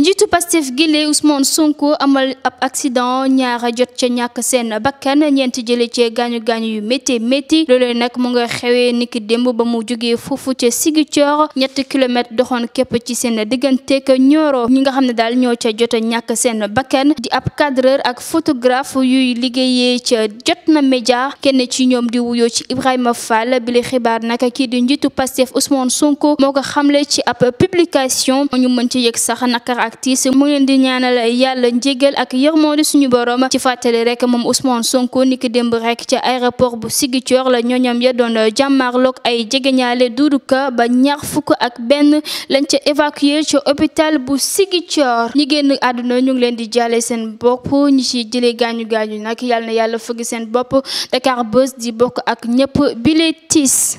njiitu Pastef gile Ousmane Sonko amal ab accident ñaara jot ca ñàkk seen bakkan ñeenti jële cee gaañu gaañu yu métti métti loolee nag mu nga xewee niki démb ba mu jógee foofu ca Ziguinchor ñetti kilomètre doxoon képp ci seen digganteeg Nioro ñi nga xam ne daal ñoo ca jot a ñàkk seen bakkan di ab cadreur ak photographe yuy liggéeyee ca jot Jotna Média kenn ci ñoom di wuyoo ci Ibrahima Fall bi li xibaar nag kii di njiitu Pastef Ousmane Sonko moo ko xamle ci ab publication ñu mën ci yëg sax ak tiis mu leen di ñaanal yàlla njéggal ak yërmande suñu borom ci fàttale rekk moom Ousmane Sonko niki démb rekk ci aéroport bu Ziguinchor la ñooñam ya doon jàmmaarloog ay jegeñaale Doudou Ka ba ñax fukk ak benn lañ ca évacué ci hôpital bu Ziguinchor ñi génn àdduna ñu leen di jàllee seen bopp ñi ci jëlee gaañu gaañu nag yàlla yàlla fëgg seen bopp Dakar Buzz di bokk ak ñëpp bile tiis.